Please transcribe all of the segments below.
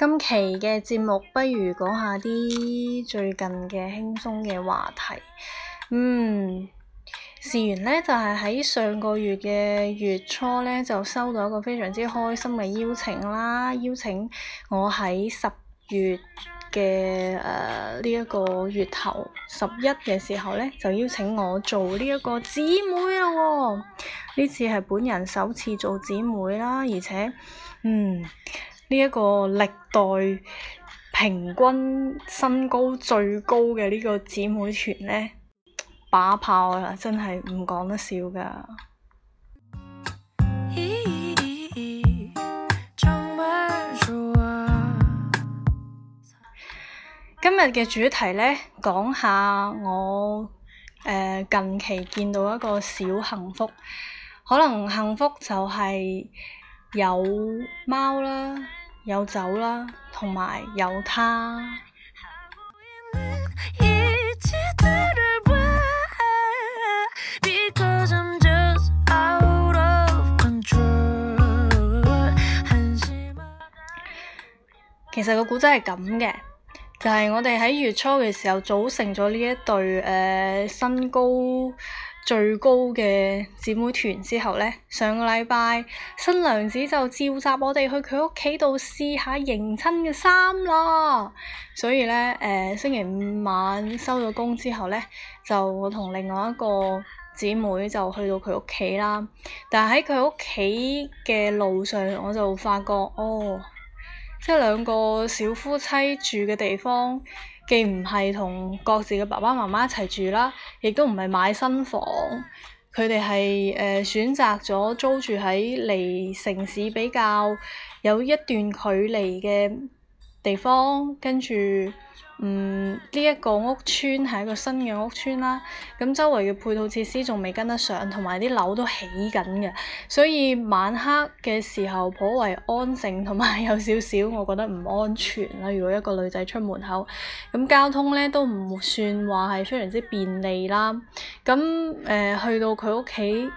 今期嘅節目，不如講下啲最近嘅輕鬆嘅話題。嗯，事緣呢，就係、是、喺上個月嘅月初呢，就收到一個非常之開心嘅邀請啦，邀請我喺十月嘅呢一個月頭十一嘅時候呢，就邀請我做呢一個姊妹啦、哦。呢次係本人首次做姊妹啦，而且嗯。呢一個歷代平均身高最高嘅呢個姊妹團呢，把炮啊，真係唔講得笑㗎。 今日嘅主題呢，講下我誒、呃、近期見到一個小幸福，可能幸福就係有貓啦，有酒啦，同埋有，有他。其實個故仔係咁嘅，就係、是、我哋喺月初嘅時候組成咗呢一對誒身、呃、高。最高嘅姊妹團之後呢，上個禮拜新娘子就召集我哋去佢屋企度試下迎親嘅衫啦。所以呢，誒、呃、星期五晚收咗工之後呢，就我同另外一個姊妹就去到佢屋企啦。但喺佢屋企嘅路上，我就發覺哦，即係兩個小夫妻住嘅地方。既唔係同各自嘅爸爸媽媽一齊住啦，亦都唔係買新房，佢哋係誒選擇咗租住喺離城市比較有一段距離嘅地方跟住，嗯，呢、這、一個屋村係一個新嘅屋村啦。咁周圍嘅配套設施仲未跟得上，同埋啲樓都起緊嘅。所以晚黑嘅時候，頗為安靜，同埋有少少，我覺得唔安全啦。如果一個女仔出門口，咁交通咧都唔算話係非常之便利啦。咁誒、呃，去到佢屋企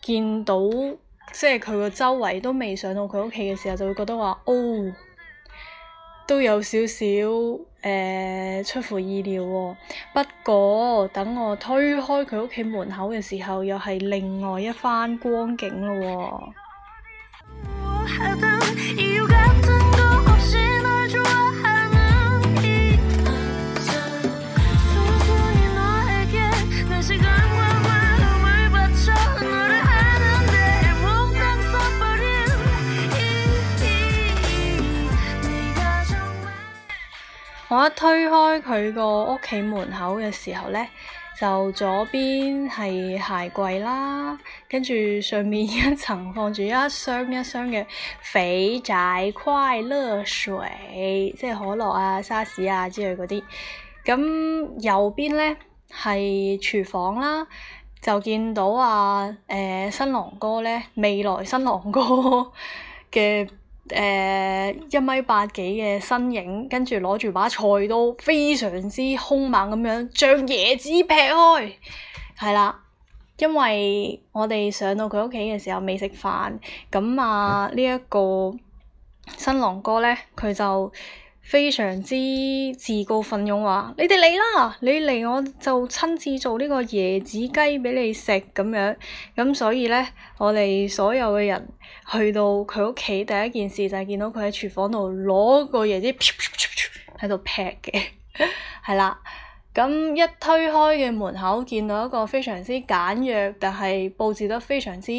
見到，即係佢個周圍都未上到佢屋企嘅時候，就會覺得話，哦。都有少少，呃，出乎意料喎，哦，不過等我推開佢屋企門口嘅時候，又係另外一番光景咯喎，哦。 我一推開佢個屋企門口嘅時候咧，就左邊係鞋櫃啦，跟住上面一層放住一箱一箱嘅肥仔快樂水，即係可樂啊、沙士啊之類嗰啲。咁右邊咧係廚房啦，就見到啊，誒、呃、新郎哥咧，未來新郎哥嘅。誒一、uh, 米八幾嘅身影，跟住攞住把菜刀，非常之兇猛咁樣，將椰子劈開，係啦。因為我哋上到佢屋企嘅時候未食飯，咁啊呢一、這個新郎哥咧，佢就～非常之自告奮勇話：你哋嚟啦，你嚟我就親自做呢個椰子雞畀你食咁樣。咁所以呢，我哋所有嘅人去到佢屋企，第一件事就係見到佢喺廚房度攞個椰子喺度劈嘅，係 啦。咁一推開嘅門口，見到一個非常之簡約，但係布置得非常之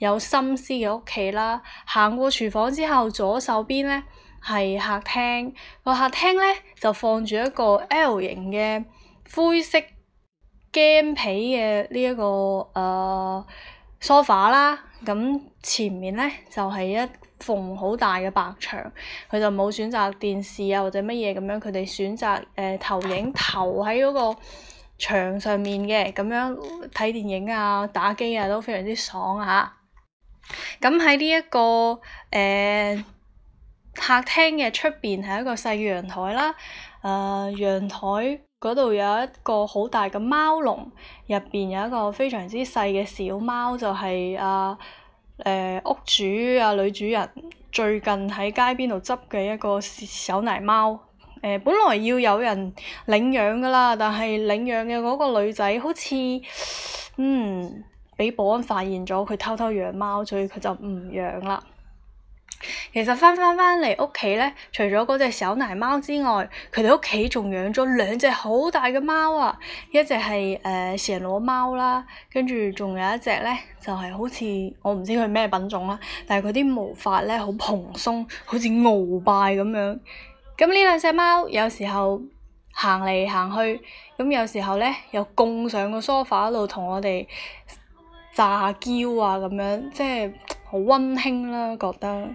有心思嘅屋企啦。行過廚房之後，左手邊呢。係客廳，個客廳咧就放住一個 L 型嘅灰色驚皮嘅呢一個誒梳化、呃、啦。咁前面咧就係、是、一縫好大嘅白牆，佢就冇選擇電視啊或者乜嘢咁樣，佢哋選擇誒投影投喺嗰個牆上面嘅咁樣，睇電影啊打機啊都非常之爽嚇、啊。咁喺呢一個誒。呃客廳嘅出邊係一個細陽台啦，誒、呃、陽台嗰度有一個好大嘅貓籠，入邊有一個非常之細嘅小貓，就係阿誒屋主阿、呃呃、女主人最近喺街邊度執嘅一個小奶貓，誒、呃、本來要有人領養㗎啦，但係領養嘅嗰個女仔好似，嗯畀保安發現咗佢偷偷養貓，所以佢就唔養啦。其實翻翻翻嚟屋企咧，除咗嗰隻小奶貓之外，佢哋屋企仲養咗兩隻好大嘅貓啊！一隻係誒暹羅貓啦，跟住仲有一隻咧，就係、是、好似我唔知佢咩品種啦，但係佢啲毛髮咧好蓬鬆，好似鰲拜咁樣。咁呢兩隻貓有時候行嚟行去，咁有時候咧又供上個 sofa 度同我哋詐下嬌啊，咁樣即係好温馨啦，覺得。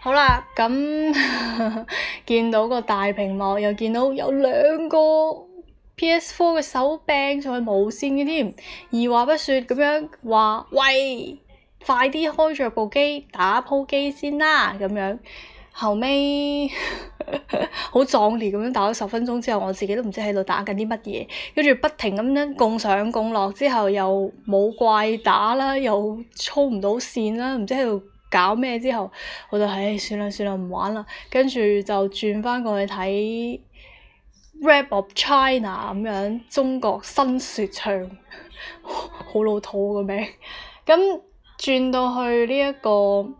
好啦，咁 見到個大屏幕，又見到有兩個 PS4 嘅手柄仲係無線嘅添。二話不說咁樣話，喂，快啲開着部機，打鋪機先啦，咁樣。後尾，好 壯烈咁樣打咗十分鐘之後，我自己都唔知喺度打緊啲乜嘢，跟住不停咁樣共上共落，之後又冇怪打啦，又操唔到線啦，唔知喺度搞咩之後，我就唉、哎、算啦算啦唔玩啦，跟住就轉翻過去睇 Rap of China 咁樣中國新說唱， 好老土個名，咁 轉到去呢、這、一個。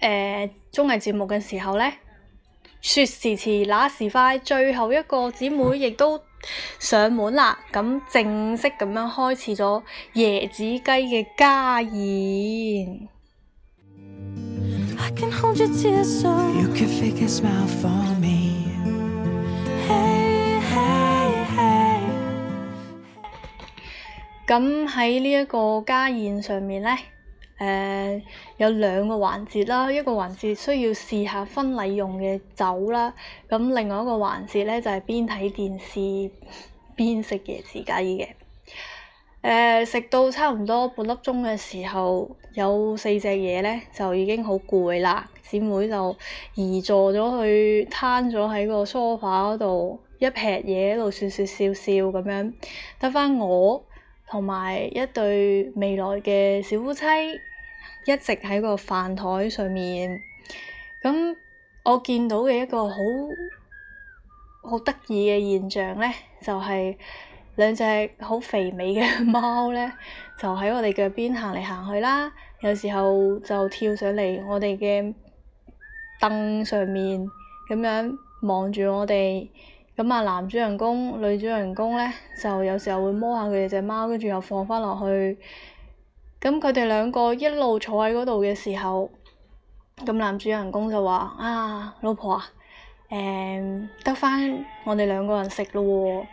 誒、呃、綜藝節目嘅時候咧，説時遲那時快，最後一個姊妹亦都上門啦，咁正式咁樣開始咗椰子雞嘅家宴。咁喺呢一個家宴上面咧。誒、呃、有兩個環節啦，一個環節需要試下婚禮用嘅酒啦，咁另外一個環節咧就係邊睇電視邊食椰子雞嘅。誒、呃、食到差唔多半粒鐘嘅時候，有四隻嘢咧就已經好攰啦，姊妹就移坐咗去攤咗喺個 sofa 嗰度，一撇嘢喺度説説笑笑咁樣，得返我。同埋一對未來嘅小夫妻，一直喺個飯台上面。咁我見到嘅一個好好得意嘅現象咧，就係兩隻好肥美嘅貓咧，就喺我哋腳邊行嚟行去啦。有時候就跳上嚟我哋嘅凳上面，咁樣望住我哋。咁啊，男主人公、女主人公咧，就有時候會摸下佢哋隻貓，跟住又放翻落去。咁佢哋兩個一路坐喺嗰度嘅時候，咁男主人公就話：啊，老婆啊，誒得翻我哋兩個人食咯。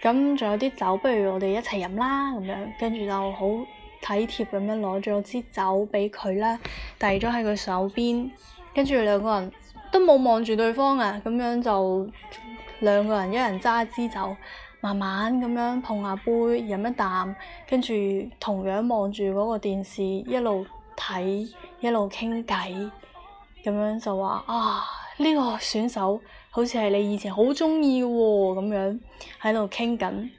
咁仲有啲酒，不如我哋一齊飲啦。咁樣跟住就好體貼咁樣攞咗支酒俾佢啦，遞咗喺佢手邊。跟住兩個人都冇望住對方啊，咁樣就。兩個人一人揸支酒，慢慢咁樣碰下杯，飲一啖，跟住同樣望住嗰個電視，一路睇一路傾偈，咁樣就話，啊，呢個選手好似係你以前好中意喎，咁樣喺度傾緊。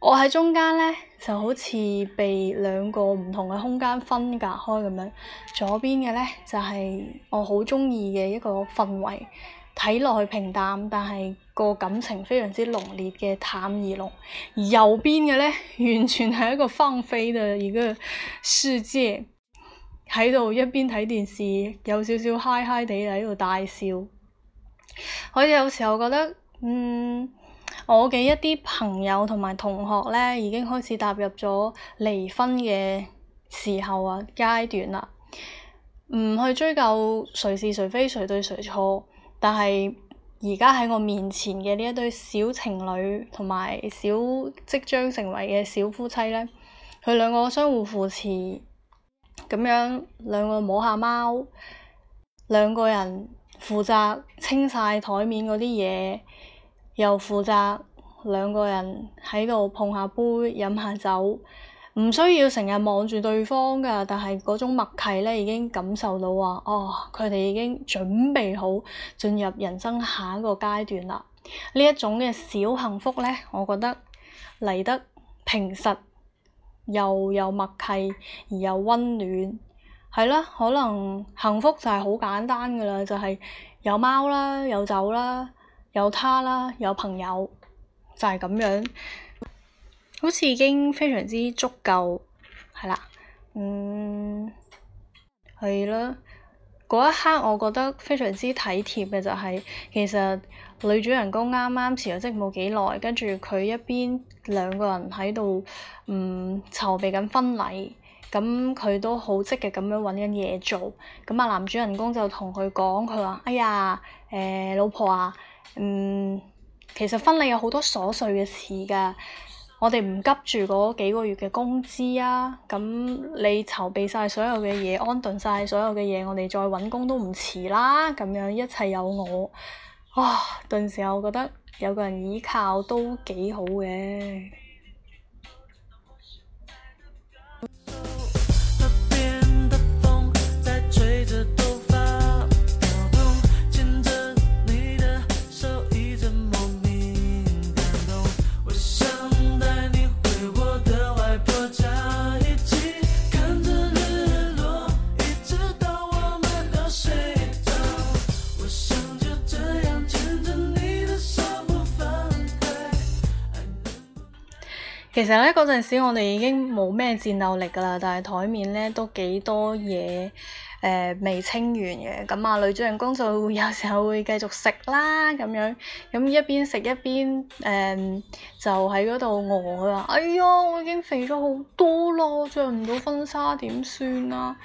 我喺中間呢，就好似被兩個唔同嘅空間分隔開咁樣，左邊嘅呢，就係我好中意嘅一個氛圍。睇落去平淡，但係個感情非常之濃烈嘅淡而濃。而右邊嘅呢，完全係一個荒廢嘅一個世界，喺度一邊睇電視，有少少嗨嗨地喺度大笑。我有時候覺得，嗯，我嘅一啲朋友同埋同學呢，已經開始踏入咗離婚嘅時候啊、階段啦，唔去追究誰是誰非，誰對誰錯。但係而家喺我面前嘅呢一對小情侶同埋小即將成為嘅小夫妻呢，佢兩個相互扶持，咁樣兩個摸下貓，兩個人負責清晒台面嗰啲嘢，又負責兩個人喺度碰下杯飲下酒，唔需要成日望住對方噶，但係嗰種默契咧已經感受到話，哦，佢哋已經準備好進入人生下一個階段啦。呢一種嘅小幸福咧，我覺得嚟得平實，又有默契，而又溫暖。係啦，可能幸福就係好簡單噶啦，就係有貓啦，有酒啦，有他啦，有朋友，就係咁樣。好似已經非常之足夠係啦，嗯係囉。嗰一刻我覺得非常之體貼嘅就係、是、其實女主人公啱啱辭咗職冇幾耐，跟住佢一邊兩個人喺度嗯籌備緊婚禮，咁、嗯、佢都好積極咁樣揾緊嘢做。咁、嗯、啊男主人公就同佢講，佢話：哎呀，誒、呃、老婆啊，嗯，其實婚禮有好多瑣碎嘅事㗎。我哋唔急住嗰幾個月嘅工資啊，咁你籌備晒所有嘅嘢，安頓晒所有嘅嘢，我哋再揾工都唔遲啦。咁樣一切有我，哇、啊！頓時我覺得有個人依靠都幾好嘅。其實呢，嗰陣時，我哋已經冇咩戰鬥力噶啦，但係檯面呢，都幾多嘢誒、呃、未清完嘅。咁啊，女主人公就有時候會繼續食啦咁樣，咁一邊食一邊誒、呃、就喺嗰度餓啦。哎呀，我已經肥咗好多咯，着唔到婚紗點算啊？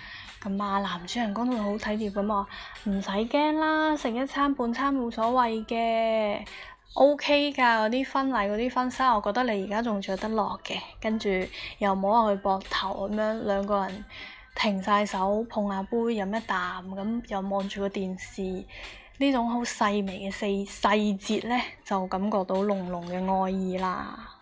咁啊，男主人公都會好體貼咁話，唔使驚啦，食一餐半餐冇所謂嘅。OK 㗎，嗰啲婚禮嗰啲婚紗，我覺得你而家仲着得落嘅，跟住又摸下佢膊頭咁樣，兩個人停晒手碰下杯飲一啖，咁又望住個電視，呢種好細微嘅細細節咧，就感覺到濃濃嘅愛意啦。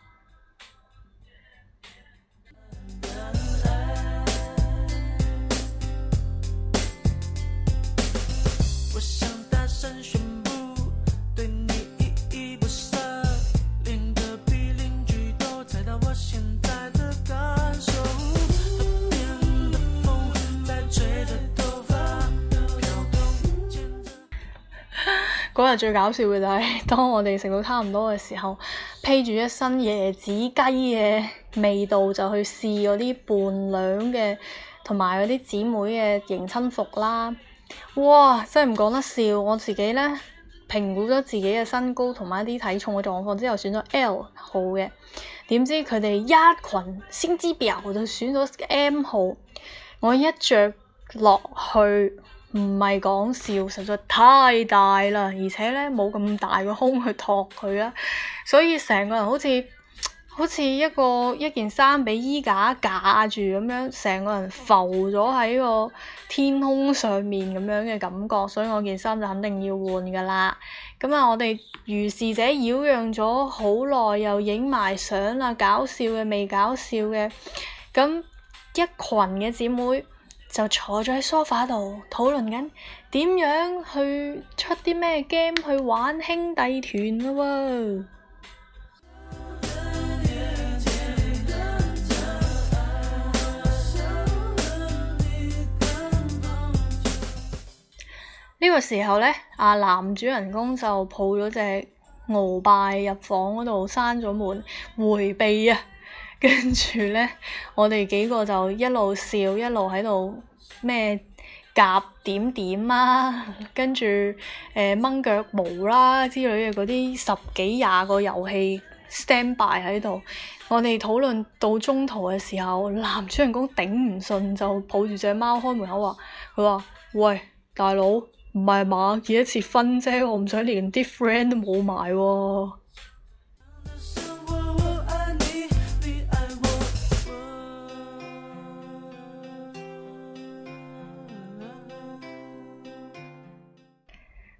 嗰日最搞笑嘅就係、是，當我哋食到差唔多嘅時候，披住一身椰子雞嘅味道就去試嗰啲伴娘嘅同埋嗰啲姊妹嘅迎親服啦。哇！真係唔講得笑。我自己咧，評估咗自己嘅身高同埋啲體重嘅狀況之後，選咗 L 號嘅。點知佢哋一羣仙子婊就選咗 M 號，我一着落去。唔係講笑，實在太大啦，而且呢，冇咁大個胸去托佢啦，所以成個人好似好似一個一件衫畀衣架架住咁樣，成個人浮咗喺個天空上面咁樣嘅感覺，所以我件衫就肯定要換噶啦。咁啊，我哋如是者擾攘咗好耐，又影埋相啦，搞笑嘅未搞笑嘅，咁一群嘅姊妹。就坐咗喺 sofa 度討論緊點樣去出啲咩 game 去玩兄弟團咯喎！呢 個時候呢，阿、啊、男主人公就抱咗隻鰲拜入房嗰度閂咗門回避啊！跟住咧，我哋幾個就一路笑，一路喺度咩夾點點啊，跟住誒掹腳毛啦之類嘅嗰啲十幾廿個遊戲 stand by 喺度。我哋討論到中途嘅時候，男主人公頂唔順就抱住隻貓開門口話：佢話喂，大佬，唔係嘛？結一次婚啫，我唔想連啲 friend 都冇埋喎。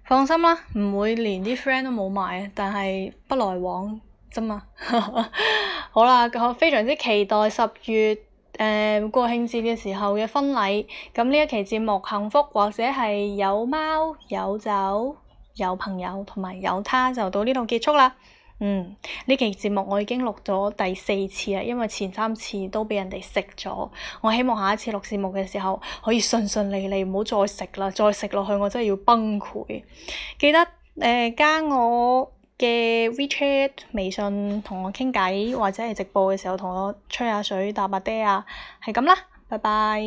放心啦，唔會連啲 friend 都冇埋嘅，但係不來往啫嘛。 好啦，我非常之期待十月誒、呃、國慶節嘅時候嘅婚禮。咁呢一期節目幸福或者係有貓有酒有朋友同埋有他，就到呢度結束啦。嗯，呢期節目我已經錄咗第四次啦，因為前三次都畀人哋食咗。我希望下一次錄節目嘅時候可以順順利利，唔好再食啦，再食落去我真係要崩潰。記得誒、呃、加我嘅 WeChat 微信同我傾偈，或者係直播嘅時候同我吹下水、打下嗲啊，係咁啦，拜拜。